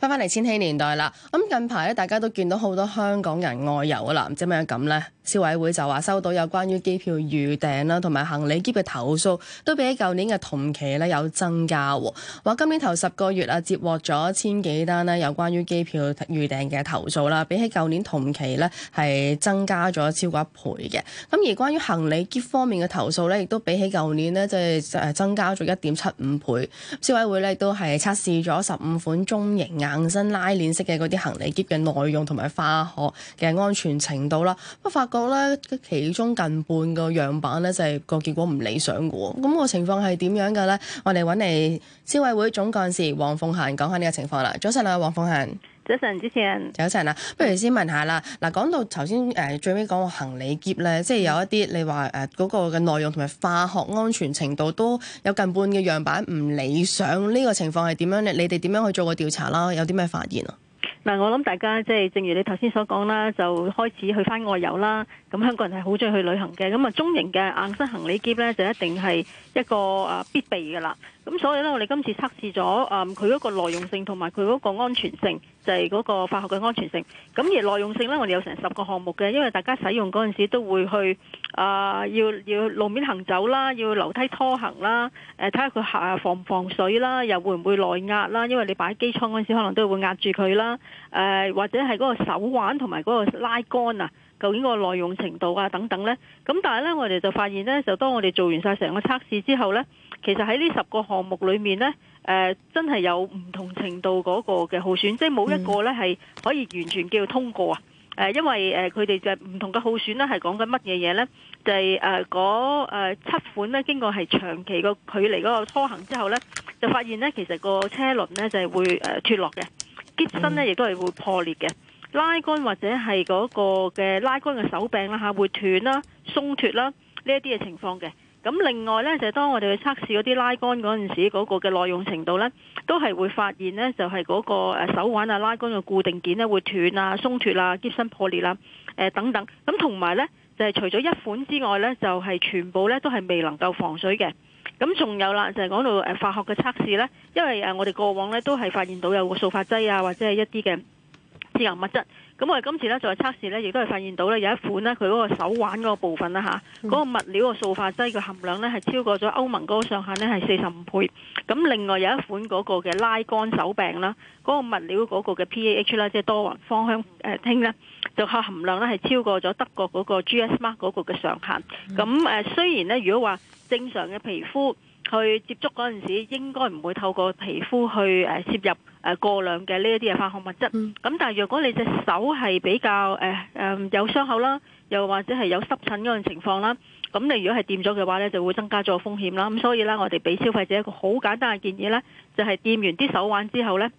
翻返嚟千禧年代啦，咁近排咧，大家都見到好多香港人外遊啊，啦，唔知點解咁咧？消委會就話收到有關於機票預訂啦，同埋行李篋嘅投訴，都比喺舊年嘅同期咧有增加。話今年頭十個月啊，接獲咗千幾單咧有關於機票預訂嘅投訴啦，比起舊年同期咧係增加咗超過一倍嘅。咁而關於行李篋方面嘅投訴咧，亦都比起舊年咧即係增加咗一點七五倍。消委會咧都係測試咗十五款中型硬身拉鏈式嘅嗰啲行李篋嘅耐用同埋化學嘅安全程度啦，不發。覺咧，其中近半個樣板咧就係、是，個結果唔理想嘅喎。咁，那個情況係點樣嘅咧？我哋揾嚟消委會總幹事黃鳳嫺講下呢個情況啦。早晨啊，黃鳳嫺。早晨，主持人。早晨啊，不如先問下啦。嗱，講到頭先誒，最尾講個行李篋咧，即係有一啲，嗯、你話誒嗰個嘅內容同埋化學安全程度都有近半嘅樣板唔理想。呢個情況係點樣咧？你哋點樣去做個調查啦？有啲咩發現啊？嗱，我諗大家即係正如你頭先所講啦，就開始去返外遊啦。咁香港人係好鍾意去旅行嘅，咁啊中型嘅硬身行李篋咧就一定係一個啊必備㗎喇。咁所以呢，我哋今次測試咗誒佢嗰個耐用性同埋佢嗰個安全性，就係、是、嗰個化學嘅安全性。咁而耐用性呢，我哋有成十個項目嘅，因為大家使用嗰陣時都會去誒、呃、要要路面行走啦，要樓梯拖行啦，誒睇下佢下防唔防水啦，又會唔會耐壓啦？因為你擺喺機艙嗰陣時，可能都會壓住佢啦。誒、呃、或者係嗰個手腕同埋嗰個拉杆啊。究竟個耐用程度啊等等呢？咁但係呢，我哋就發現呢，就當我哋做完晒成個測試之後呢，其實喺呢十個項目裏面呢，誒、呃、真係有唔同程度嗰個嘅耗損，即係冇一個呢係可以完全叫通過啊、呃。因為誒佢哋就唔同嘅耗損呢，係講緊乜嘢嘢呢？就係誒嗰七款呢，經過係長期個距離嗰個拖行之後呢，就發現呢，其實個車輪呢，就係、是、會誒脱落嘅，篋身呢，亦都係會破裂嘅。拉桿或者係嗰個嘅拉桿嘅手柄啦、啊、嚇，會斷啦、啊、鬆脱啦，呢一啲嘅情況嘅。咁另外呢，就係、是、當我哋去測試嗰啲拉桿嗰陣時，嗰個嘅耐用程度呢，都係會發現呢，就係、是、嗰個手腕啊拉桿嘅固定件呢會斷啊、鬆脱啊、篋身破裂啦、誒等等。咁同埋呢，就係、是、除咗一款之外呢，就係、是、全部呢都係未能夠防水嘅。咁仲有啦，就係、是、講到誒化學嘅測試呢，因為誒我哋過往呢都係發現到有個塑化劑啊或者係一啲嘅。致癌物質，咁我哋今次咧做嘅測試咧，亦都係發現到咧有一款咧佢嗰個手腕嗰個部分啦嚇，嗰、那個物料嘅塑化劑嘅含量咧係超過咗歐盟嗰個上限咧係四十五倍。咁另外有一款嗰個嘅拉杆手柄啦，嗰、那個物料嗰個嘅 P A H 啦，即係多環芳香誒烴咧，就靠含量咧係超過咗德國嗰個 GS G S Mark 嗰個嘅上限。咁誒、呃、雖然咧，如果話正常嘅皮膚。去接觸嗰陣時，應該唔會透過皮膚去誒攝入誒過量嘅呢一啲嘅化學物質。咁但係若果你隻手係比較誒誒有傷口啦，又或者係有濕疹嗰種情況啦，咁你如果係掂咗嘅話咧，就會增加咗風險啦。咁所以咧，我哋俾消費者一個好簡單嘅建議咧，就係掂完啲手環之後咧。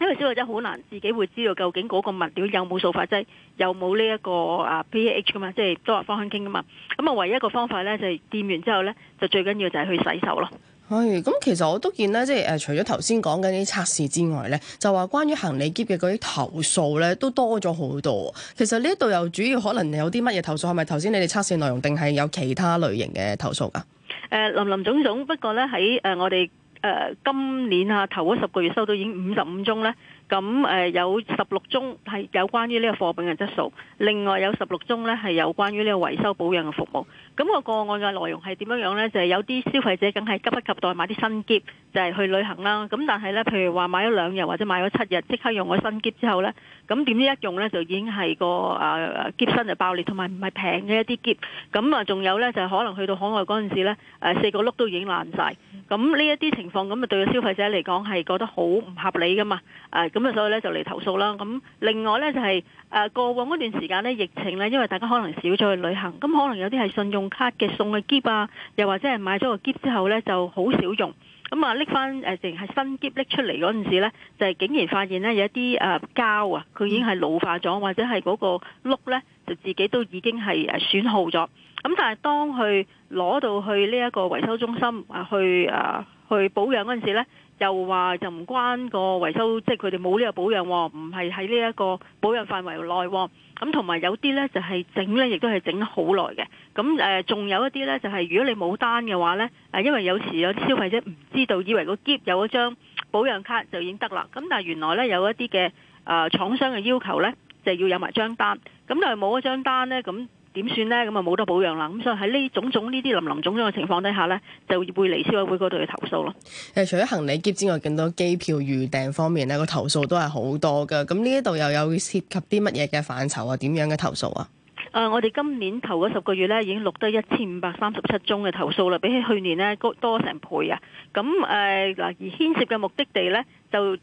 因為小學生好難自己會知道究竟嗰個物料有冇塑化劑，有冇呢一個啊 pH 啊嘛，即係多核芳香烴啊嘛。咁啊，唯一一個方法咧就係掂完之後咧，就最緊要就係去洗手咯。係、哎，咁其實我都見咧，即係誒、呃，除咗頭先講緊啲測試之外咧，就話關於行李篋嘅嗰啲投訴咧都多咗好多。其實呢一度又主要可能有啲乜嘢投訴？係咪頭先你哋測試內容，定係有其他類型嘅投訴噶？誒、呃，林林總總。不過咧喺誒我哋。呃、今年啊，頭十個月收到已經五十五宗呢，咁誒、呃、有十六宗係有關於呢個貨品嘅質素，另外有十六宗呢係有關於呢個維修保養嘅服務。咁個個案嘅內容係點樣樣咧？就係有啲消費者梗係急不及待買啲新篋，就係去旅行啦。咁但係咧，譬如話買咗兩日或者買咗七日即刻用咗新篋之後咧，咁點知一用咧就已經係個誒篋身就爆裂，同埋唔係平嘅一啲篋。咁啊，仲有咧就可能去到海外嗰陣時咧，誒四個碌都已經爛晒。咁呢一啲情況咁啊，對個消費者嚟講係覺得好唔合理㗎嘛。誒咁啊，所以咧就嚟投訴啦。咁另外咧就係誒過往嗰段時間咧，疫情咧，因為大家可能少咗去旅行，咁可能有啲係信用卡嘅送嘅篋啊，又或者係買咗個篋之後呢，就好少用。咁啊，拎返，誒，淨係新篋拎出嚟嗰陣時呢，就係竟然發現呢，有一啲誒膠啊，佢已經係老化咗，或者係嗰個碌呢，就自己都已經係誒損耗咗。咁但係當佢攞到去呢一個維修中心啊，去啊。呃去保養嗰陣時呢，又話就唔關個維修，即係佢哋冇呢個保養，哦，唔係喺呢一個保養範圍內，哦。咁同埋有啲呢，就係、是、整呢，亦都係整好耐嘅。咁誒，仲有一啲呢，就係、是、如果你冇單嘅話呢，誒，因為有時有啲消費者唔知道，以為個篋有一張保養卡就已經得啦。咁但係原來呢，有一啲嘅誒廠商嘅要求呢，就要有埋張單。咁但你冇嗰張單呢。咁。點算呢？咁啊冇得保養啦！咁、嗯、所以喺呢種種呢啲林林總總嘅情況底下呢，就會嚟消委會嗰度去投訴咯。誒，除咗行李篋之外，更多機票預訂方面呢個投訴都係好多嘅。咁呢一度又有涉及啲乜嘢嘅範疇啊？點樣嘅投訴啊？誒、呃，我哋今年頭嗰十個月呢已經錄得一千五百三十七宗嘅投訴啦，比起去年呢多成倍啊！咁誒嗱，而牽涉嘅目的地呢，就。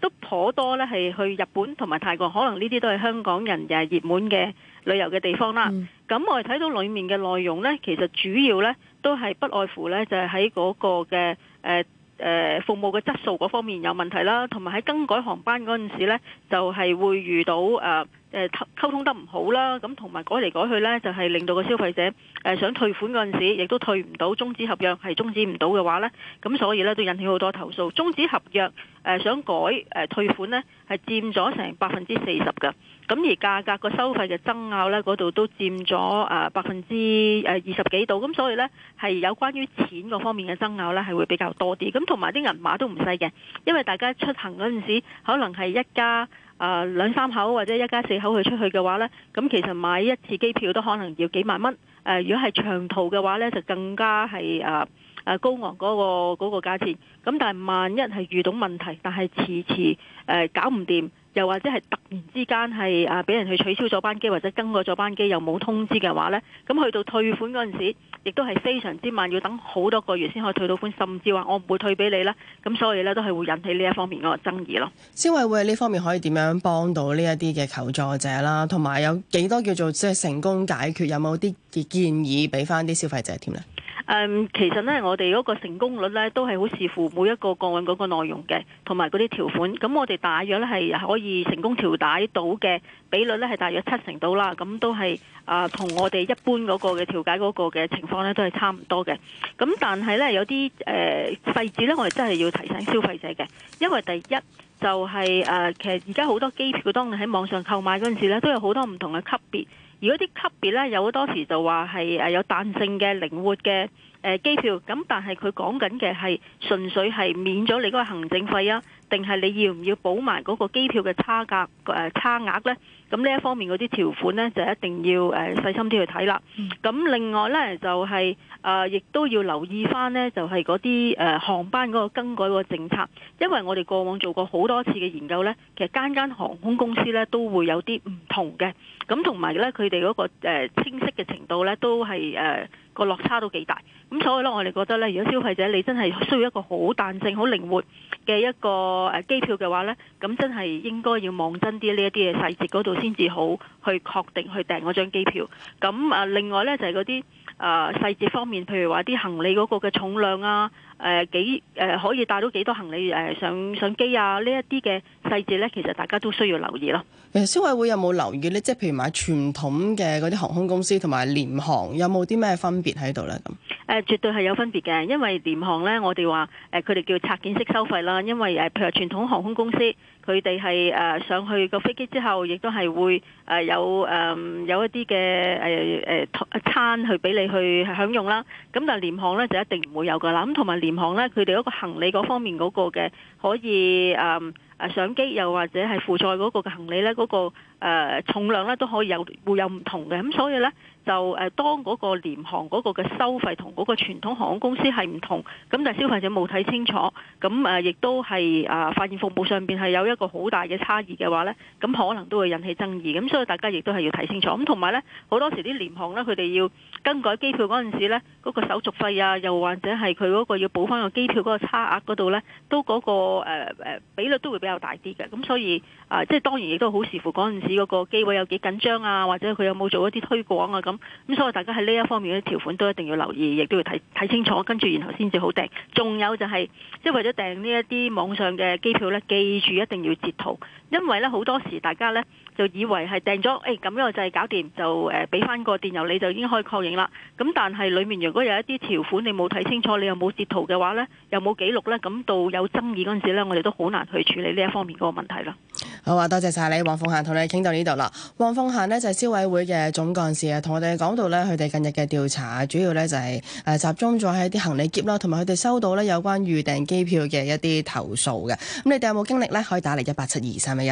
都頗多咧，係去日本同埋泰國，可能呢啲都係香港人嘅係熱門嘅旅遊嘅地方啦。咁、嗯、我哋睇到裡面嘅內容呢，其實主要呢都係不外乎呢，就係喺嗰個嘅誒誒服務嘅質素嗰方面有問題啦，同埋喺更改航班嗰陣時咧，就係、係、會遇到誒。呃誒溝通得唔好啦，咁同埋改嚟改去呢，就係令到個消費者誒想退款嗰陣時，亦都退唔到終止合約，係終止唔到嘅話呢，咁所以呢，都引起好多投訴。終止合約誒想改誒退款呢，係佔咗成百分之四十嘅，咁而價格個收費嘅爭拗呢，嗰度都佔咗誒百分之誒二十幾度，咁所以呢，係有關於錢嗰方面嘅爭拗呢，係會比較多啲。咁同埋啲銀碼都唔細嘅，因為大家出行嗰陣時可能係一家，啊，兩三口或者一家四口去出去嘅話呢，咁、嗯、其實買一次機票都可能要幾萬蚊。誒、啊，如果係長途嘅話呢就更加係啊誒、啊、高昂嗰個嗰個價錢。咁、嗯、但係萬一係遇到問題，但係遲遲誒搞唔掂。又或者係突然之間係啊，俾人去取消咗班機或者更改咗班機，班機又冇通知嘅話呢，咁去到退款嗰陣時，亦都係非常之慢，要等好多個月先可以退到款，甚至話我唔會退俾你咧。咁所以呢，都係會引起呢一方面嗰個爭議咯。消委會喺呢方面可以點樣幫到呢一啲嘅求助者啦，同埋有幾多叫做即係成功解決，有冇啲建議俾翻啲消費者添呢？誒，um，其實呢，我哋嗰個成功率呢，都係好視乎每一個個案嗰個內容嘅，同埋嗰啲條款。咁我哋大約呢，係可以成功調解到嘅比率呢，係大約七成到啦。咁都係啊，同、呃、我哋一般嗰個嘅調解嗰個嘅情況呢，都係差唔多嘅。咁但係呢，有啲誒費者呢，我哋真係要提醒消費者嘅，因為第一就係、是、啊、呃，其實而家好多機票當你喺網上購買嗰陣時呢，都有好多唔同嘅級別。如果啲級別咧，有好多時就話係誒有彈性嘅、靈活嘅誒、呃、機票，咁但係佢講緊嘅係純粹係免咗你嗰個行政費啊。定係你要唔要補埋嗰個機票嘅差價誒差額咧？咁呢一方面嗰啲條款呢，就一定要誒細心啲去睇啦。咁另外呢，就係誒亦都要留意返呢，就係嗰啲誒航班嗰個更改個政策，因為我哋過往做過好多次嘅研究呢，其實間間航空公司呢，都會有啲唔同嘅，咁同埋呢，佢哋嗰個、呃、清晰嘅程度呢，都係誒個落差都幾大。咁所以呢，我哋覺得呢，如果消費者你真係需要一個好彈性、好靈活，嘅一個誒機票嘅話呢，咁真係應該要望真啲呢一啲嘅細節嗰度先至好去確定去訂嗰張機票。咁啊，另外呢，就係嗰啲誒細節方面，譬如話啲行李嗰個嘅重量啊，誒、呃、幾誒、呃、可以帶到幾多行李誒、呃、上上機啊？呢一啲嘅細節呢，其實大家都需要留意咯。其實消委會有冇留意呢？即係譬如買傳統嘅嗰啲航空公司同埋廉航有冇啲咩分別喺度呢？咁。誒絕對係有分別嘅，因為廉航呢，我哋話誒佢哋叫拆件式收費啦。因為誒譬如傳統航空公司，佢哋係誒上去個飛機之後，亦都係會誒有誒有一啲嘅誒誒餐去畀你去享用啦。咁但係廉航呢，就一定唔會有㗎啦。咁同埋廉航呢，佢哋嗰個行李嗰方面嗰個嘅可以誒誒上機又或者係附載嗰個嘅行李呢，嗰個。誒、呃、重量咧都可以有會有唔同嘅，咁、嗯、所以呢，就誒、呃、當嗰個廉航嗰個嘅收費同嗰個傳統航空公司係唔同，咁但係消費者冇睇清楚，咁誒亦都係啊、呃、發現服務上邊係有一個好大嘅差異嘅話呢，咁、嗯、可能都會引起爭議，咁、嗯、所以大家亦都係要睇清楚，咁同埋呢，好多時啲廉航呢，佢哋要更改機票嗰陣時咧，嗰、嗰個手續費啊，又或者係佢嗰個要補翻個機票嗰個差額嗰度呢，都嗰、嗰個誒、呃呃、比率都會比較大啲嘅，咁、嗯、所以啊即係當然亦都好視乎嗰陣時。嗰個機位有幾緊張啊，或者佢有冇做一啲推廣啊咁，咁所以大家喺呢一方面嘅條款都一定要留意，亦都要睇睇清楚，跟住然後先至好訂。仲有就係即係為咗訂呢一啲網上嘅機票呢，記住一定要截圖，因為呢好多時大家呢。就以為係訂咗，誒、哎、咁樣就係搞掂，就誒俾翻個電郵你就已經可以確認啦。咁但係裡面如果有一啲條款你冇睇清楚，你又冇截圖嘅話呢，又冇記錄呢，咁到有爭議嗰陣時咧，我哋都好難去處理呢一方面嗰個問題啦。好啊，多謝晒你，黃鳳嫺同你傾到呢度啦。黃鳳嫺呢就係、是、消委會嘅總幹事啊，同我哋講到呢，佢哋近日嘅調查，主要呢就係誒集中咗喺啲行李篋啦，同埋佢哋收到呢有關預訂機票嘅一啲投訴嘅。咁你哋有冇經歷呢？可以打嚟一八七二三一一。